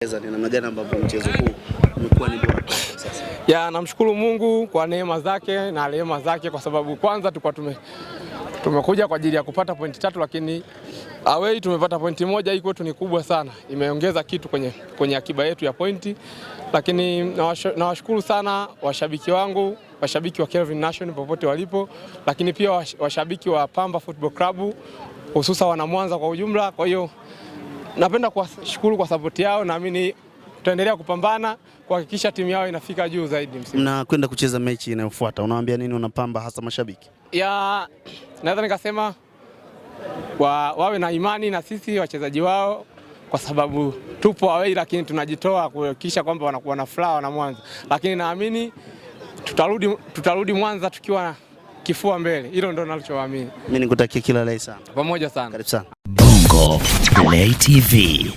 Ni namna gani ambavyo mchezo huu umekuwa ni bora sasa? Ya, namshukuru Mungu kwa neema zake na rehema zake, kwa sababu kwanza tulikuwa tume tumekuja kwa ajili ya kupata pointi tatu, lakini away tumepata pointi moja. Hii kwetu ni kubwa sana, imeongeza kitu kwenye, kwenye akiba yetu ya pointi, lakini nawashukuru sana washabiki wangu washabiki wa Kelvin Nation popote walipo, lakini pia washabiki wa Pamba Football Club hususa wana Mwanza kwa ujumla, kwa hiyo Napenda kuwashukuru kwa sapoti yao, naamini tutaendelea kupambana kuhakikisha timu yao inafika juu zaidi msimu. Mnakwenda kucheza mechi inayofuata, unawaambia nini, unapamba hasa mashabiki? Ya, naweza nikasema wa, wawe na imani na sisi wachezaji wao kwa sababu tupo awei, lakini tunajitoa kuhakikisha kwamba wanakuwa na furaha na Mwanza, lakini naamini tutarudi, tutarudi Mwanza tukiwa kifua mbele. Hilo ndo nalichowaamini mimi. Nikutakia kila la heri sana, pamoja sana, karibu sana. Play TV.